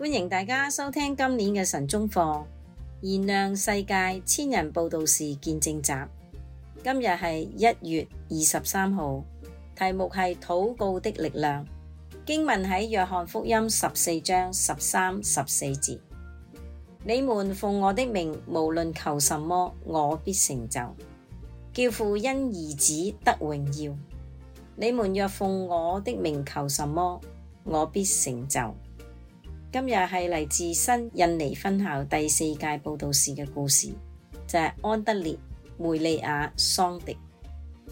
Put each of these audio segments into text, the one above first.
歡迎大家收聽今年嘅晨鐘課，燃亮世界千人佈道士見證集。今日係一月二十三號，題目係禱告的力量。經文喺約翰福音十四章十三十四節：你們奉我的名，無論求什麼，我必成就。叫父因兒子得榮耀。你們若奉我的名，求什麼，我必成就。今日係嚟自新印尼分校第四屆佈道士嘅故事，就係、是、安德烈梅利亞桑迪。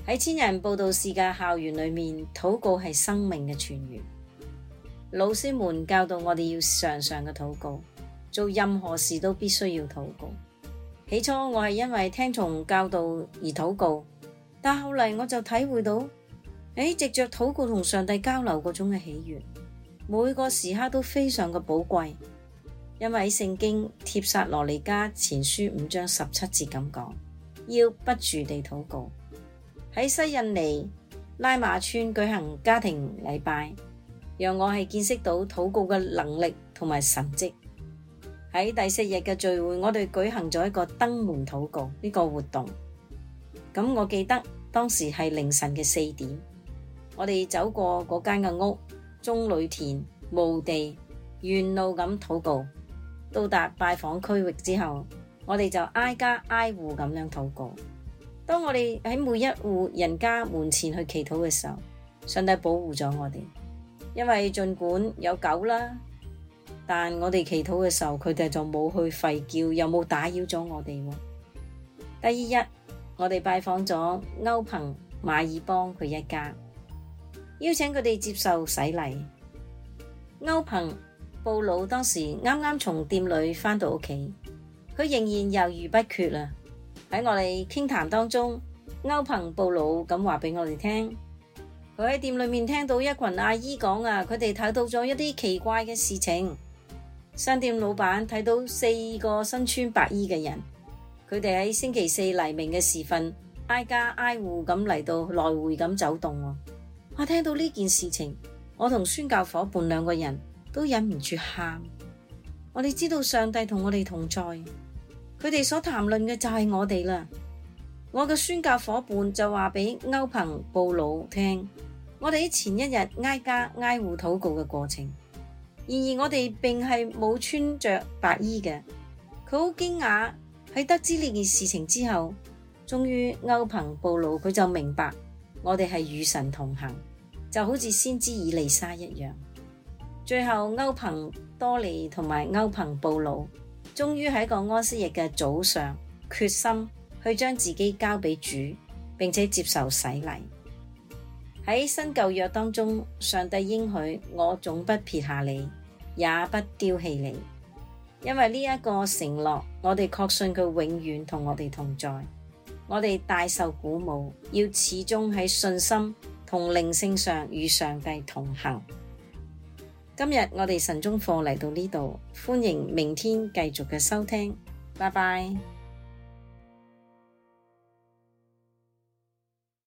喺千人佈道士嘅校園裏面，禱告係生命嘅泉源。老師們教導我哋要常常嘅禱告，做任何事都必須要禱告。起初我係因為聽從教導而禱告，但後嚟我就體會到，誒、哎，藉着禱告同上帝交流嗰種嘅喜悅。每個時刻都非常嘅寶貴，因為聖經帖撒羅尼迦前書五章十七節咁講，要不住地禱告。喺西印尼拉馬村舉行家庭禮拜，讓我係見識到禱告嘅能力同埋神蹟。喺第四日嘅聚會，我哋舉行咗一個登門禱告呢個活動。咁我記得當時係凌晨嘅四點，我哋走過嗰間嘅屋。中旅田、墓地、沿路咁禱告，到達拜訪區域之後，我哋就挨家挨戶咁樣禱告。當我哋喺每一戶人家門前去祈禱嘅時候，上帝保護咗我哋，因為儘管有狗啦，但我哋祈禱嘅時候，佢哋就冇去吠叫，又冇打擾咗我哋。第二日，我哋拜訪咗歐朋馬爾邦佢一家。邀請佢哋接受洗禮。歐朋布魯當時啱啱從店裏返到屋企，佢仍然猶豫不決啦。喺我哋傾談，談當中，歐朋布魯咁話俾我哋聽，佢喺店裏面聽到一群阿姨講啊，佢哋睇到咗一啲奇怪嘅事情。商店老闆睇到四個身穿白衣嘅人，佢哋喺星期四黎明嘅時分，挨家挨戶咁嚟到來回咁走動。我聽到呢件事情，我同宣教夥伴兩個人都忍唔住喊。我哋知道上帝同我哋同在，佢哋所談論嘅就係我哋啦。我嘅宣教夥伴就話俾歐朋布魯聽，我哋喺前一日挨家挨戶禱告嘅過程，然而我哋並係冇穿着白衣嘅。佢好驚訝喺得知呢件事情之後，終於歐朋布魯佢就明白我哋係與神同行。就好似先知以利沙一樣，最後歐朋多利同埋歐朋布魯，終於喺個安息日嘅早上，決心去將自己交俾主，並且接受洗禮。喺新舊約當中，上帝應許我總不撇下你，也不丟棄你，因為呢一個承諾，我哋確信佢永遠同我哋同在，我哋大受鼓舞，要始終喺信心。同靈性上與上帝同行。今日我哋晨鐘課嚟到呢度，歡迎明天繼續嘅收聽，拜拜。